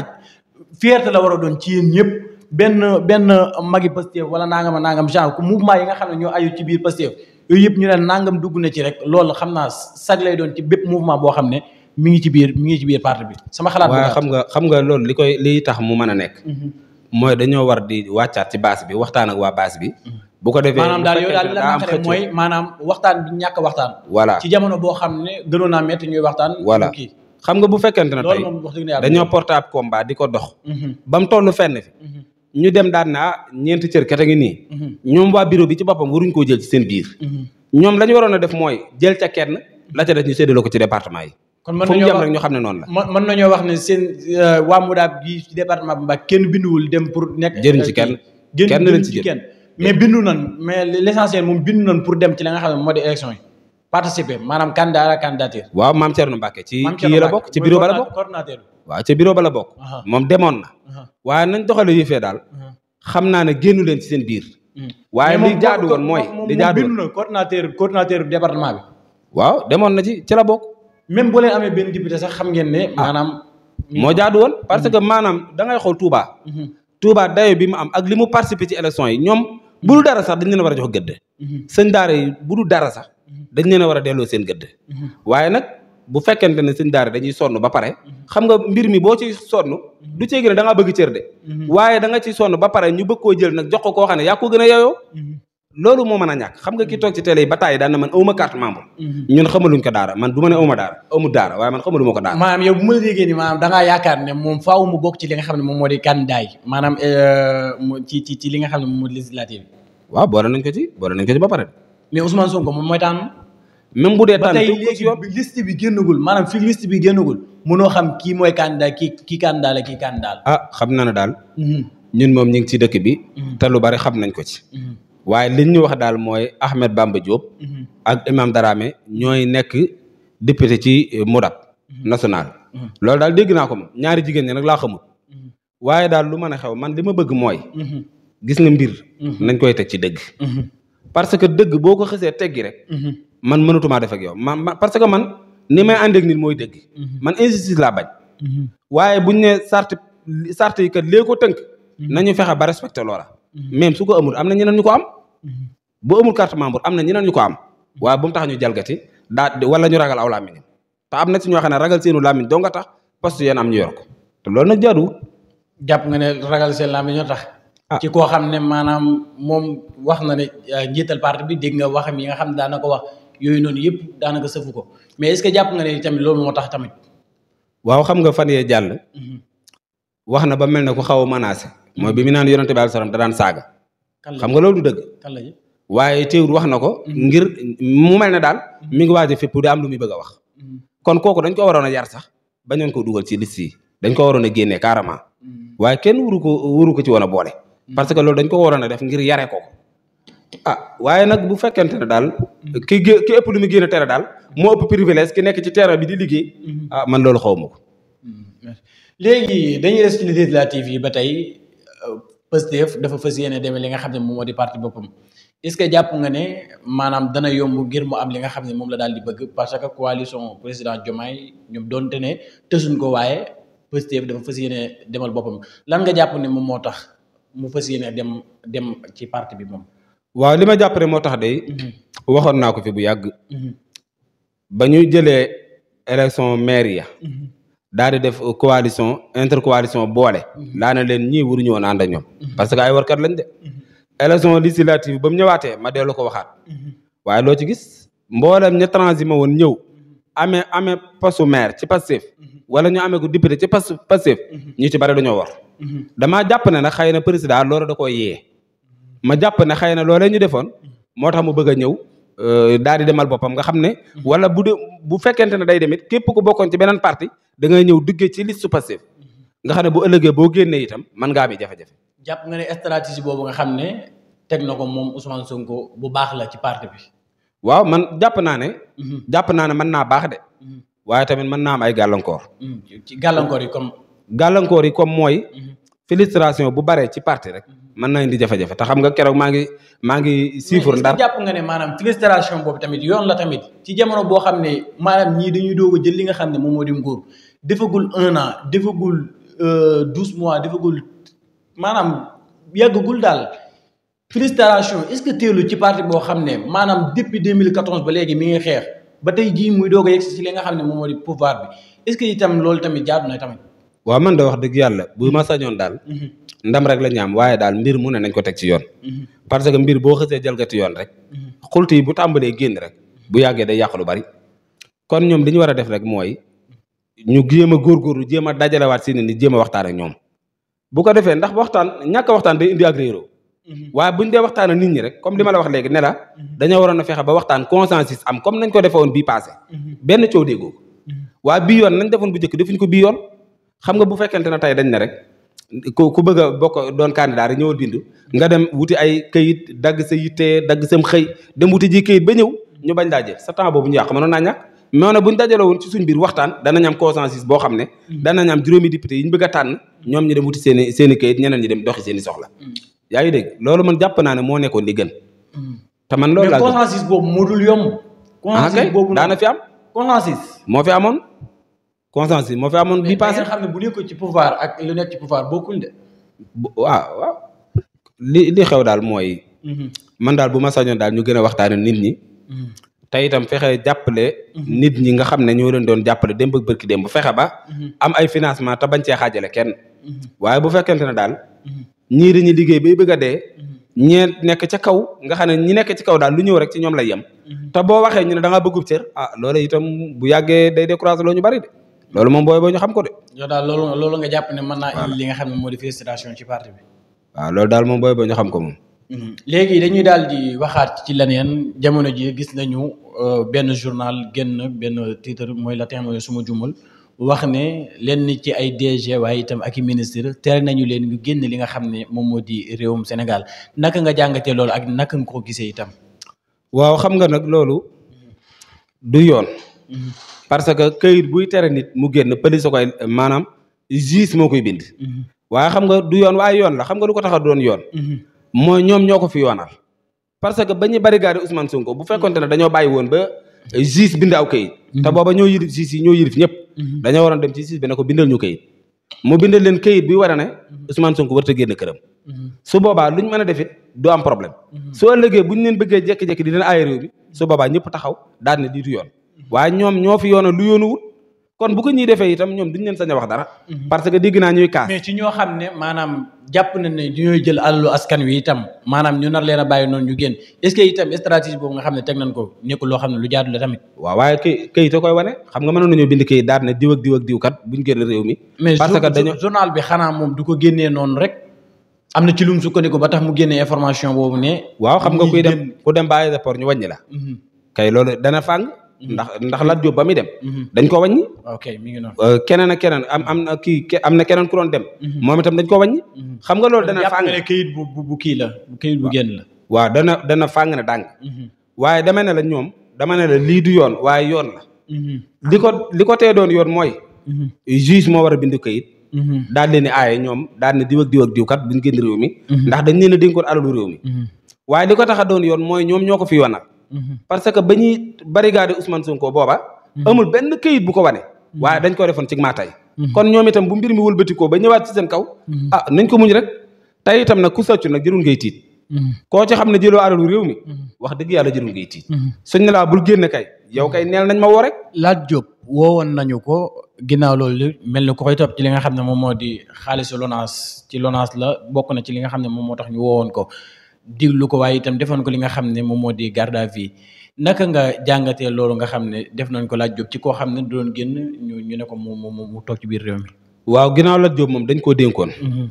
fierté la war a doon ci yéen ñëpp benn benn magi Pastef wala nangam nangam genre ku mouvement yi nga xam ne ñoo ayu ci biir Pastef yooyu yëpp ñu ne nangam dugg ci rek loolu xam naa sag lay doon ci bépp mouvement boo xam ne mi ngi ci biir mi ngi ci biir parti bi sama xalaat waaw xam nga xam nga loolu li koy li tax mu mën a nekk mhm. mooy dañoo war di wàccaat ci base bi waxtaan ak waa baas bi mhm. bu ko defee maanaam daal yow daal li la naqare mooy maanaam waxtaan bi ñàkk waxtaan voilà boo xam ne gënoon naa métti ñuy waxtaan voilà kii xam nga bu fekkente ne tey dañoo porté ab combat di ko dox mhm. ba mu toll fenn mhm. ñu dem daan ne ah ñeenti cër kete ngi nii mhm. ñoom waa bureau bi ci boppam waruñ koo jël ci seen biir ñoom la ñu waroon a def mooy jël ca kenn la ca def ñu séddale ko ci département yi kon mën nañoo rek ñu xam ne noonu la mën nañoo wax ne seen euh, waa Moudaab gi ci département bu Mbacké kenn binduwul dem pour nekk jëriñ ci kenn kenn lañ ci jël mais bindu nan mais l' essentiel moom bindu nan pour dem ci la nga xam ne moo di élection yi. maanaam candidat la candidature. waaw maam Thierno Mbacke ci bokk ci bureau ba la bokk coordinateur waaw ci bureau ba bokk. moom demoon na. waaye nañ doxalee yëfee daal. xam naa ne génnu leen ci seen biir. Hmm. waaye li jaad woon mooy. li jaadu woon moom bindu na coordinateur coordinateur département bi. waaw demoon na ci ci la bokk. même bu leen amee benn député sax xam ngeen ne ah. maanaam. moo jaadu woon parce hmm. que maanaam da ngay xool Touba. Hmm. Touba dayo bi mu am ak li mu participer ci élection yi ñoom. bu dul dara sax dañ leen war a jox gëdd. Mhm. sëñ daara yi bu dul dara sax dañ leen a war a delloo seen gëdd. Mhm. waaye nag bu fekkente ne sëñ daara dañuy sonn ba pare mhm. xam nga mbir mi boo ci sonn du cee gën a da bëgg cër de. waaye da nga ci sonn ba pare ñu bëgg koo jël nag jox ko koo xam ne yaa ko gën a yeyoo loolu moo mën a ñàkk xam nga ki toog ci télé yi ba taay daan na man awma carte membre mhm. ñun xamaluñ ko daara man du ma ne awma daara amu daara waaye man xamalu ko daara maanaam yow bu ma la déggee ni maanaam da ngaa yaakaar ne moom faaw mu bokk ci li nga xam ne moom moo di candidat yi maanaam euh, ci ci ci li nga moom moo di législative bi waaw boole nañ ko ci boole nañ ko ci ba pare mais Ousmane Sonko moom mooy tànn même bu dee tànn ba tey léegi bi génnagul maanaam fi liste bi génnagul mënoo xam kii mooy candidat kii kii candidat la kii candidat la ah xam na ne daal mhm. ñun moom ñu ngi ci dëkk bi mhm. te lu bari xam nañ ko ci waaye li ñu wax daal mooy Ahmed Bamba Diop. Mhm. ak Imam Darame ñooy nekk député ci Mourad mhm. national. Mhm. loolu daal dégg naa ko moom ñaari jigéen ñi nag laa xamul. waaye daal lu mën a xew man li ma bëgg mooy. gis nga mbir. nañ koy teg ci dëgg. parce que dëgg boo ko xësee teggi rek. man mënatumaa def ak yow man parce que man ni may ànd ak mooy dëgg. man injustice la bañ. waaye buñ ne sart sart yi kat ko tënk. nañu fexe ba respecté loola. Mhm. même su ko amul am na ñeneen ñu ko am mhm. bu amul carte membre am na ñeneen ñu ko am waaye bu mu tax ñu jalgati daa wala ñu ragal aw làmmiñ ta am na ci ñoo xam ne ragal seenu làmmiñ doo nga tax poste yéen am ñu yor ko te loolu nag jaaduwul. jàpp nga ne ragal seen làmmiñ ñoo tax. Ah. ci koo xam ne maanaam moom wax na ne ah, njiital parti bi dégg nga waxam yi nga xam ne daana ko wax yooyu noonu yëpp daanaka sëfu ko mais est-ce jàpp nga ne tamit loolu moo tax tamit. waaw xam nga fan yee jàll. Mhm. wax na ba mel ne ku xaw a menacé. mooy bi mu naan yonente bi alayhi salaam da daan saaga xam nga loolu dëgg waaye teewul wax na ko mm-hmm. ngir mu mel ne daal mu ngi waaj a fépp di am lu muy bëgg a wax mm-hmm. kon kooku dañ ko waroon a yar sax bañoon koo dugal ci liste yi dañ ko waroon a génnee carrément mm-hmm. waaye kenn wuru ko wuru ko ci woon a boole parce que loolu dañ ko waroon a def ngir yare ko ah waaye nag bu fekkente ne daal ki gé ki ëpp lu mu génn terrain daal moo ëpp privilège ki nekk ci terrain bi di liggéey ah man loolu xaw ma ko ba tey Pastef dafa fas yéene demee li nga xam ne moom moo di parti boppam est-ce que jàpp nga ne maanaam dana yomb ngir mu am li nga xam ne moom la daal di bëgg parce que coalition président Diomaye ñoom doonte ne tësuñ ko waaye Pastef dafa fas yenee demal boppam lan nga jàpp ne moom moo tax mu fas yéene dem dem ci parti bi moom. waaw li ma jàpp ne moo tax de. Mm-hmm. waxoon naa ko fi bu yàgg. Mm-hmm. ba ñu jëlee élection maire ya mm-hmm. daal di def coalition intercoalition boole mhm. daa leen ñii waruñu woon ànd ak ñoom mhm. parce que ay warkat lañ de mhm. élection législative ba mu ñëwaatee ma dellu ko waxaat waaye loo ci gis mboolem ña transhumé woon ñëw amee amee postu maire ci Pastef wala ñu amee ko député ci pas Pastef ñi ci bari dañoo war damaa jàpp ne nag xëy na président loolu da koo yee ma jàpp ne xëy na loolee ñu defoon moo tax mu bëgg a ñëw euh, daal di demal boppam nga xam ne wala bu de bu fekkente ne day demit képp ku bokkoon ci beneen parti da ngay ñëw duggee ci list Pastef nga xam ne boo ëllëgee boo génnee itam mën ngaa bi jafe-jafe. jàpp nga ne stratégie boobu nga xam ne teg na ko moom Ousmane Sonko bu baax la ci parti bi. waaw man jàpp naa ne. Mhm. jàpp naa ne mën naa baax de. Mhm. waaye tamit mën naa am ay gàllankoor. Mhm. ci gàllankoor yi comme. gàllankoor yi comme mooy. frustration bu baree ci parti rek. mën na indi jafe-jafe te xam nga keroog maa ngi maa ngi siifur ndar. jàpp nga ne maanaam frustration boobu tamit yoon la tamit. ci jamono boo xam ne maanaam ñii dañuy doog a jël li nga xam ne moom moo di nguur defagul un an defagul euh, douze mois defagul maanaam yàggagul daal frustration est-ce que teelu ci parti boo xam ne maanaam mille 2014 ba léegi mi ngi xeex ba tey jii muy doog a yegsi si li nga xam ne moom moo di pouvoir bi est-ce que itam loolu tamit jaadu na tamit. waaw man de wax dëgg yàlla bu ma sañoon daal. Mhm. ndam rek la ñu am waaye daal mbir mu ne nañ ko teg ci yoon. Mhm. parce que mbir boo xësee jalgati yoon rek. Mhm. xultu yi bu tàmbalee génn rek. bu yàggee day yàq lu bari. kon ñoom li war a def rek mooy. ñu jéem a góorgóorlu jéem a dajalewaat si ni jéem a waxtaan ak ñoom bu ko defee ndax waxtaan ñàkk waxtaan day indi ak réeroo mhm. waaye buñ dee waxtaan ak nit ñi rek comme li ma la wax léegi ne la mhm. dañoo waroon a fexe ba waxtaan consensus am comme nañ ko defee bii passé mhm. benn coow déggoo ko bii yoon nañ defoon bu njëkk defuñ ko bii yoon xam nga bu fekkente na tey dañ ne rek ku ku bëgg a bokk doon candidat rek ñëwal bindu nga dem wuti ay këyit dagg sa yitte dagg sam xëy dem wuti ji këyit ba ñëw ñu bañ laa sa temps boobu ñu yàq mënoon naa ñàkk maanaam bu ñu dajale woon ci suñ biir waxtaan danañ am consensus boo xam ne mm. danañ am juróomi député yi ñu bëgg a tànn ñoom ñu dem wut seeni i kayit ñeneen ñi dem doxi seen i soxla mm. yaa ngi dégg loolu man jàpp naa ne moo nekkoon ni gën mm. te man loolu laa mais boobu moo dul yomb ah, consensus boobu daana fi am consensus moo fi amoon consensus moo fi amoon bi passé xam ne bu ci pouvoir ak lu nekk ci pouvoir bokkuñ de waaw li li xew daal mooy mm-hmm. man daal bu ma sañoon daal ñu gën a waxtaane nit ñi te itam fexe jàppale. Mhm. nit ñi nga xam ne ñoo leen doon jàppale démb ak bërki démb fexe ba. Mhm. am ay financement te bañ cee xaajale kenn. Mhm. waaye bu fekkente ne daal. ñii dañuy liggéey bay bëgg a dee. ñee nekk ca kaw nga xam ne ñi nekk ci kaw daal lu ñëw rek ci ñoom lay yem. te boo waxee ñu ne da ngaa bëggub cër ah loolu itam bu yàggee day découragé loo ñu bari de. loolu moom booy boo ñu xam ko de. yow daal loolu loolu nga jàpp ne mën naa li nga xam ne moo di frustration ci parti loolu daal moom booy boo ñu xam ko moom. Mhm. léegi dañuy daal di waxaat ci leneen jamono ji gis nañu euh, benn journal génn benn titre mooy la témoin suma jumal wax ne lenn ci ay DG waaye itam ak i ministre tere nañu leen ñu génn li nga xam ne moom moo di réewum Sénégal naka nga jàngatee loolu ak naka nga ko gisee itam. waaw xam nga nag loolu du yoon. Mhm. parce que këyit buy tere nit mu génn pëli sa koy maanaam juge moo koy bind. Mhm. waaye xam nga du yoon waaye yoon la xam nga du ko tax a doon yoon. mooy ñoom ñoo ko fi yoonal parce que ba ñuy barricade Ousmane Sonko bu fekkonte ne dañoo bàyyi woon ba euh, juge bind aw kayit te booba ñoo yilif juge yi ñoo yilif ñëpp mhm. dañoo waroon dem ci juge bi ne ko bindal ñu kayit mu bindal leen kayit bi war a ne Ousmane Sonko warut a génn këram mhm. su boobaa luñ mën a defit du am problème mhm. su bu buñ leen bëggee jékki-jékki di leen aaye réew bi su boobaa ñëpp taxaw daal ne diitu yoon waaye ñoom ñoo fi yoona lu yoonu kon bu ko ñuy defee itam ñoom duñ leen sañ a wax dara. Mhm. parce que dégg naa ñuy kaas. mais ci ñoo xam ne maanaam jàpp ne jël alalu wi itam maanaam ñu nar leen a bàyyi noonu ñu génn est-ce que itam stratégie boobu nga xam ne teg nañ ko nekkul loo xam ne lu jaadu la tamit. waaw waaye kay a koy wane xam nga mënoon nañoo bind kayit daal ne diw ak diw ak diw kat buñ génn réew mi. parce que journal bi xanaa moom du ko génnee noonu rek. am na ci lum sukkandiku ba tax mu génne information boobu ne. waaw xam nga kuy dem ku dem ba la. Mhm. kay loolu ndax mhm. ndax Lat ba muy dem. Mhm. dañ ko wañ ok mi euh, keneen ak keneen am am na kii am na keneen ku doon dem. Mhm. moom itam dañ ko wàññi. xam nga loolu dana fàng. kayit bu bu kii la kayit bu génn la. waaw dana dana fàng ne dàng. waaye dama ne la ñoom dama ne la lii du yoon waaye yoon la. li ko li ko tee doon yoon mooy. juge moo war a bind kayit. daal leen di aaye ñoom daal ne diw ak diw ak diw kat buñ génn réew mi. ndax dañ leen a dénkoon alalu réew mi. waaye li ko tax doon yoon mooy ñoom ñoo ko fi yoonal. Mhm. parce que ba ñuy barricade Ousmane Sonko booba mhm. amul benn këyit bu ko wane mhm. waaye dañ ko defoon ci maatay kon ñoom itam bu mbir mi wëlbatikoo ba ñëwaat ci seen kaw ah nañ ko muñ rek tey itam nag ku soccu nag jërul ngay tiit koo ci xam ne jëloo alalu réew mi wax dëgg yàlla jërul ngay tiit suñ ne laa bul génn kay yow kay neel nañ ma woo rek Lat Diop woowoon nañu ko ginnaaw loolu mel ni ko koy topp ci li nga xam ne moom moo di xaalisu LONASE ci LONASE la bokk na ci li nga xam ne moom moo tax ñu woowoon ko diglu ko waaye itam defoon ko li nga xam ne moom moo di garde à vue naka nga jàngatee loolu nga xam ne def nañ ko laaj Diop ci koo xam ne doon génn ñu ñu ne ko mu mu mu toog ci biir réew waaw ginnaaw Lat Diop moom dañ koo dénkoon. Mm-hmm.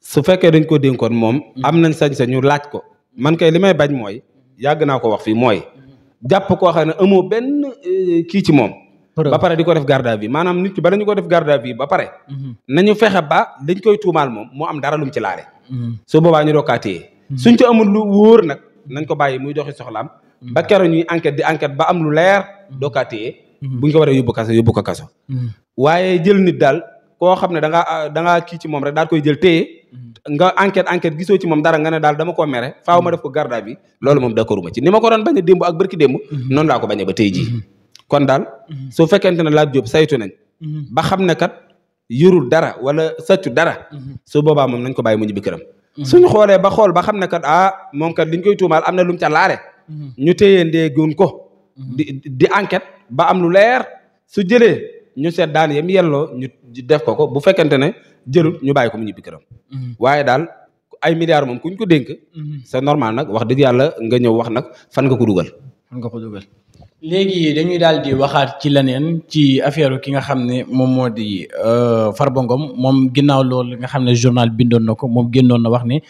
su fekkee dañ ko dénkoon moom. Mm-hmm. am nañ sañ-sañ ñu laaj ko. man kay li may bañ mooy yàgg naa ko wax fii mooy. Mm-hmm. jàpp koo xam ne amoo benn eh, kii ci moom. ba pare di ko def garde à maanaam nit ki ba dañu ko def garde à vue ba pare. nañu fexe ba dañ koy tuumaal moom moo am dara lum ci laale. Mm. su boobaa ñu doog kaa téye mm. suñ ci amul lu wóor nag nañ ko bàyyi muy doxi soxlaam mm. ba keroog ñuy enquête di enquête ba am lu leer doog kaa téye buñ ko waree yóbbu kaso yóbbu ko kaso waaye jël nit daal koo xam ne da ngaa da kii ci moom rek daal koy jël téye nga enquête enquête gisoo ci moom dara nga ne daal dama koo mere faaw ma def ko garda bi loolu moom d'accorduma ci ni ma ko doon bañ a démb ak bërki démb noonu laa ko bañe ba tey jii kon daal su fekkente ne laaj jóob saytu nañ ba xam ne yurul dara wala sëccu dara mhm. su boobaa moom nañ ko bàyyi mu ñibbi këram mhm. suñu xoolee ba xool ba xam ne kat ah moom kat liñ koy tuumaal am na lu mu ca laale mhm. ñu téyee ndeegoon ko di enquete ba am lu leer su jëlee ñu seet daan yem yelloo ñu def ko ko bu fekkente ne jëlut ñu bàyyi ko mu ñibbi këram waaye daal ay milliards moom kuñ ko dénk c'est normal nag wax dëgg yàlla nga ñëw wax nag fan nga ko dugal fan ko léegi dañuy daal di waxaat ci leneen ci affaire ki nga xam ne moom moo di euh, Farba Ngom moom ginnaaw loolu nga xam ne journal bindoon na ko moom génnoon na wax ne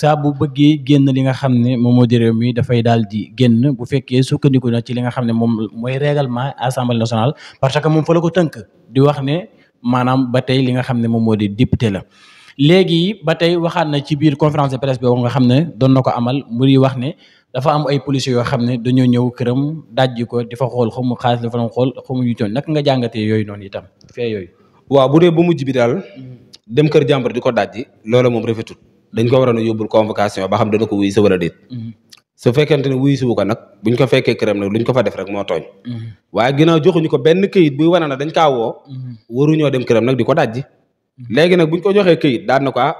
saa bu bëggee génn li nga xam ne moom moo di réew dafay daal di génn bu fekkee sukkandiku na ci li nga xam ne moom mooy règlement assemblée nationale parce que moom fa la ko tënk di wax ne maanaam ba tey li nga xam ne moom moo di député la. léegi ba tey waxaat na ci biir conférence de presse boobu nga xam ne doon na ko amal mu di wax ne. dafa am ay policiers yoo xam ne dañoo ñëw këram dajji ko di xool xaw ma xaalis la fa xool xaw ma ñu nga jàngatee yooyu noonu itam fee yooyu. waaw bu dee bu mujj bi daal dem kër jàmbur di ko dajji loola moom rafetul dañ ko waroon a yóbbul convocation ba xam dana ko wuyu si wala déet. Mhm. su fekkente ne wuyu si ko nag buñ ko fekkee këram nag luñ ko fa def rek moo tooñ. Mhm. waaye ginnaaw joxuñu ko benn këyit buy wane na dañ kaa mhm. waruñoo dem këram nag di ko dajji. léegi nag buñ ko joxee kayit daan na ko ah,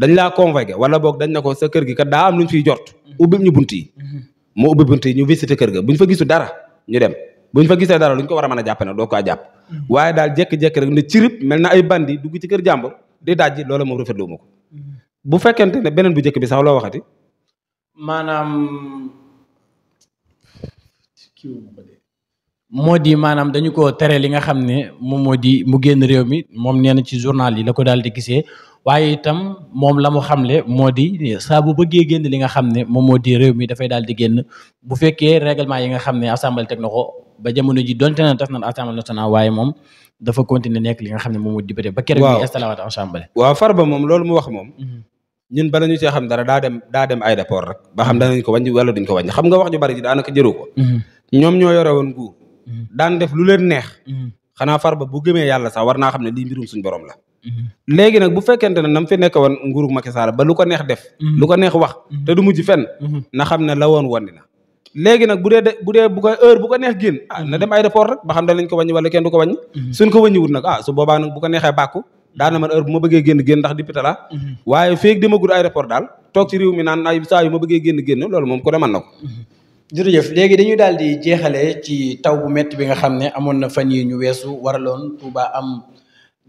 dañ laa convoqué wala boog dañ na ko sa kër gi kat daa am luñ fiy jort ubbil ñu bunt yi mhm. moo ubbi bunt yi ñu visité kër ga bu ñu fa gisu dara ñu dem bu ñu fa gisee dara lu ñu ko war a mën a jàppe nag doo ko jàpp mhm. waaye daal jékki-jékki rek ne cirib mel na ay bandi dugg ci kër jàmbur di dajji loola moom rafetlu ma ko mhm. bu fekkente ne beneen bu njëkk bi sax loo waxati maanaam moo di maanaam dañu ko tere li nga xam ne moom moo di mu génn réew mi moom nee na ci journal yi la ko daal di gisee waaye itam moom la mu xamle moo di saa bu bëggee génn li nga xam ne moom moo di réew mi dafay daal di génn bu fekkee règlement yi nga xam ne assemblée teg na ko ba jamono ji donte na def na assemblée nationale waaye moom dafa continuer nekk li nga xam ne moom moo di ba keroog ñuy installé waat assemblée waaw Farba moom loolu mu wax moom mhm. ñun bala ñu see xam dara daa dem daa dem aéroport rek ba xam mhm. danañ ko wàññi wala duñ ko wàññi xam nga wax ju bari ji daanaka jëru ko mhm. ñoom ñoo yore woon gu Mhm. daan def lu leen neex mhm. xanaa far ba bu gëmee yàlla sax war naa xam ne lii mbirum suñu borom la mhm. léegi nag bu fekkente ne nam fi nekk woon nguurug ke Sall ba lu ko neex def lu ko neex wax du mujj fenn na xam ne la woon wondi na léegi nag bu dee de bu dee bu ko heure bu ko neex génn ah na dem aéroport rek ba xam danañ wala kenn du ko wàññi suñ ko wàññiwut nag ah su boobaa nag bu ko neexee bàkku daana man heure bu ma bëggee génn génn ndax député la waaye feeg dama gudd aéroport daal toog ci réew mi naan ay saa yu ma bëggee génn génn loolu moom ku ne mën na ko jërëjëf léegi dañuy daal di jeexale ci taw bu métti bi nga xam ne amoon na fan yi ñu weesu waraloon Touba am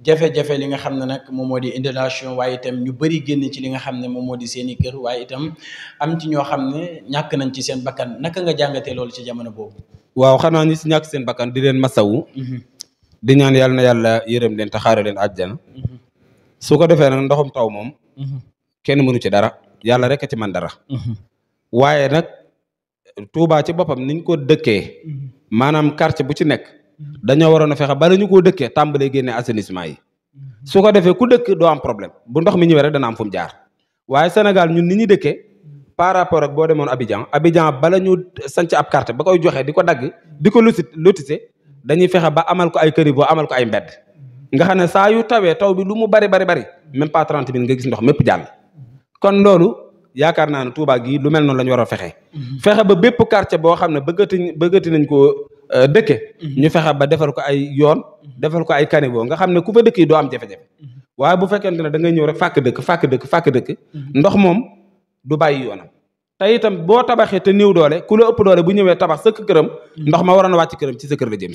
jafe-jafe li nga xam ne nag moom moo di inondation waaye itam ñu bëri génn ci li nga xam ne moom moo di seeni i kër waaye itam am ci ñoo xam ne ñàkk nañ ci seen bakkan naka nga jàngatee loolu ci jamono boobu. waaw xanaa ñi si ñàkk seen bakkan di leen masawu. Mhm. di ñaan yàlla na yàlla yërëm leen te xaare leen àjjana. Mhm. su ko defee nag ndoxum taw moom. Mhm. kenn mënu ci dara yàlla rek a ci man dara. waaye nag. Touba ci boppam niñ koo dëkkee mhm. maanaam quartier bu ci nekk mhm. dañoo waroon a fexe bala ñu koo dëkkee tàmbalee génne assainissement yi mhm. su ko defee ku dëkk doo am problème bu ndox mi ñëwee rek dana am fu mu jaar waaye Sénégal ñun ni ñu dëkkee par rapport ak boo demoon Abidjan Abidjan bala ñu sanc ab quartier ba koy joxee di ko dagg di ko lusi dañuy fexe ba amal ko ay këri boo amal ko ay mbedd nga xam ne saa yu tawee taw bi lu mu bari bari bari même pas trente mille nga gis ndox mépp jàll yaakaar naa ne Touba gii lu mel noonu lañu ñu a fexe. fexe ba bépp quartier boo xam ne bëggati bëggati nañ ko euh, dëkke ñu fexe ba defal ko ay yoon defal ko ay caniveau nga xam ne ku fa dëkk doo am jafe-jafe waaye bu fekkente ne da ngay ñëw rek fàkk dëkk fàkk dëkk fàkk dëkk ndox moom du bàyyi yoonam te itam boo tabaxee te néew doole ku la ëpp doole bu ñëwee tabax sëkk këram ndox ma waroon a wàcc këram ci sa kër la jëm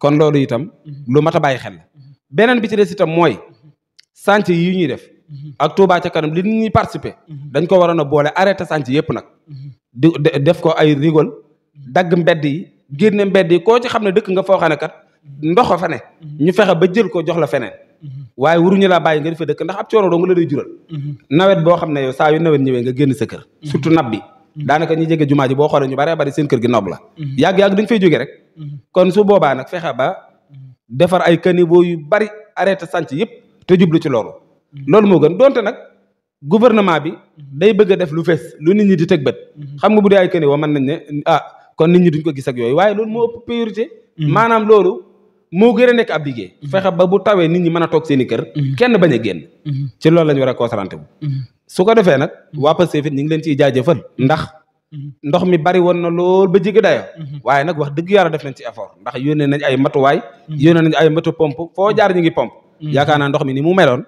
kon loolu itam lu mat a bàyyi xel la beneen bi ci des itam mooy chantier yi ñuy def Mhm. ak Touba ca kanam li ñuy participer. Mhm. dañ ko waroon a boole arrêté sànc yëpp nag. Mhm. di def ko ay rigol dagg mbedd yi génne mbedd yi koo ci xam ne dëkk nga foo xam ne kat ndox fa ne. ñu fexe ba jël ko jox la feneen. waaye waruñu laa bàyyi nga di fa dëkk ndax ab coono dong la day jural. nawet boo xam ne yow saa yu nawet ñëwee nga génn sa kër. surtout nab bi. daanaka ñi jege jumaa ji boo xoolee ñu baree bari seen kër gi nob la. yàgg yàgg dañ fay jógee rek. kon su boobaa nag fexe ba defar ay caniveau yu bari arrêté sànc yëpp te jublu ci loolu loolu moo gën donte nag gouvernement bi day bëgg a def lu fees lu nit ñi di teg bët. xam nga bu dee ay kenn wa mën nañ ne ah, kon nit ñi di ko gis ak yooyu waaye loolu moo ëpp priorité. Mm-hmm. maanaam loolu moo gën a nekk ab liggéey. Mm-hmm. fexe ba bu tawee nit ñi mën a toog seen i kër. Mm-hmm. kenn bañ a génn. ci loolu lañu ñu war a concentré bu ko defee nag waa Pastef ñu ngi leen ciy jaajëfal ndax. ndox mi bari woon na lool ba jéggi dayo waaye nag wax dëgg yàlla def nañ ci effort ndax yónnee nañ ay matuwaay. yónnee nañ ay matu pompe foo jaar ñu ngi pompe. yaakaar naa ndox mi ni meloon.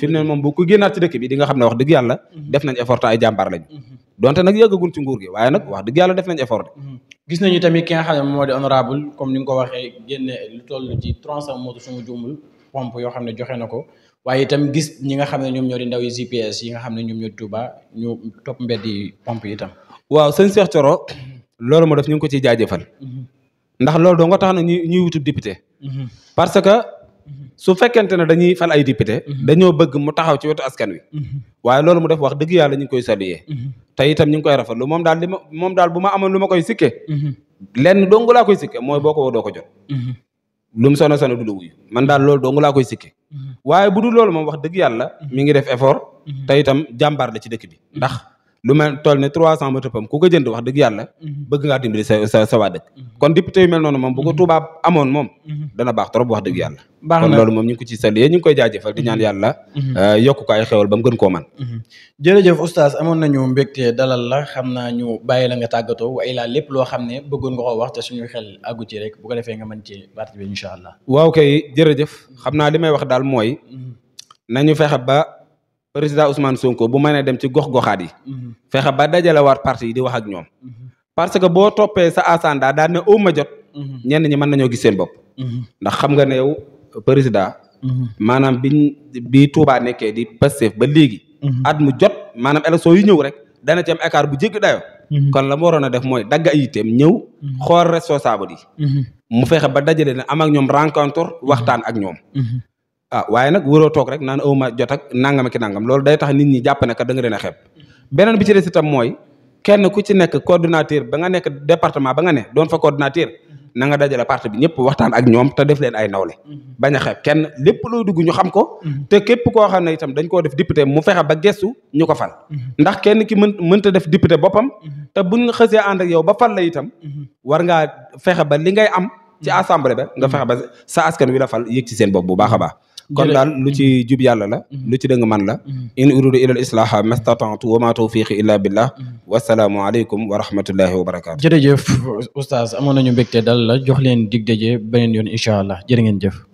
fi mu ne moom bu ku génnaat ci dëkk bi xam ne wax dëgg yàlla mhm. def nañ effort ay jàmbaar lañu mhm. donte nag yàggagul ci nguur gi waaye nag wax dëgg yàlla def nañ effort de mhm. gis nañu tamit ki nga xam ne moo di honorable comme ni ko waxee génne lu toll trois cent moto suma juumul pompe yoo xam ne joxe na ko waaye itam gis ñi nga xam ne ñoom ñoo di ndaw yi GPS yi nga xam ne ñoom ñoo di Touba ñu topp mbedd yi pompe yi itam waaw sëñ def ñu ko ciy jaajëfal ndax loolu doo nga tax na ñuy su fekkente ne dañuy fal ay député mhm. dañoo bëgg mu taxaw ci wetu askan wi mhm. waaye loolu mu def wax dëgg yàlla ñu ngi koy saluer mhm. te itam ñu ngi koy rafetlu moom daal li ma moom daal bu ma amoon lu ma koy sikke lenn dongu laa koy sikke mooy boo ko doo ko jot lu mu sono du la wuyu man daal loolu dongu laa koy sikke waaye bu du loolu moom wax dëgg yàlla mi ngi def effort te itam jàmbaar la ci dëkk bi ndax lu mel toll ne trois cent moto pom ku ko jënd wax dëgg yàlla mhm. bëgg ngaa dimbali sa sa sa waa mhm. kon député yu mel noonu moom bu ko mhm. Touba amoon moom dana baax trop wax dëgg yàlla kon loolu moom ñu ngi ko ci saluer ñu ngi koy jaajëfal di ñaan yàlla euh, yokk ko ay xewal ba gën koo man jërëjëf oustaz amoon nañu mbégte dalal la xam naa ñu bàyyi la nga tàggatoo waaye laa lépp loo xam ne bëggoon nga koo wax te suñu xel àggu ci rek bu ko defee nga mën ci parti bi incha allah waaw kay jërëjëf xam naa wax daal mooy nañu fexe ba président Ousmane Sonko bu mënee dem ci gox-goxaat yi. Mhm. fexe ba dajale war parti yi di wax ak ñoom. Mhm. parce que boo toppee sa asanda daan ne ma jot. Mhm. ñenn ñi mën nañoo gis seen bopp. ndax xam nga ne yow président. maanaam biñ bi Touba nekkee di Pastef ba léegi. at mu jot maanaam élection yu ñëw rek dana ci am écart bu jéggi dayoo. kon la mu waroon a def mooy dagg ay yitteem ñëw xool responsable yi mu fexe ba dajalee ne am ak ñoom rencontre waxtaan ak ñoom ah waaye nag waroo toog rek naan awma jot ak nangam ki nangam loolu day tax nit ñi jàpp ne kat da nga leen a xeeb beneen bi ci des itam mooy kenn ku ci nekk coordinateur ba nga nekk département ba nga ne doon fa coordinateur dajale parti bi ñëpp waxtaan ak ñoom te def leen bañ a xeeb kenn lépp loo dugg ñu xam ko te képp koo xam ne itam dañ koo def député mu fexe ba gestu ñu ko fal ndax kenn ki mën mënta def député boppam te buñ xësee ànd ak yow ba fal la itam war ngaa fexe ba li ngay am ci assemblée ba nga fexe ba sa askan wi la fal ci seen bopp bu baax a baax kon dal lu ci jub yàlla la lu ci deug man la in uridu ila al islaha mastata'tu wa ma tawfiqi illa billah wa assalamu alaykum wa rahmatullahi wa barakatu jërëjëf oustaz amoon ñu mbekté dal la jox len digdeje benen yon inshallah incha allah jërë ngeen jëf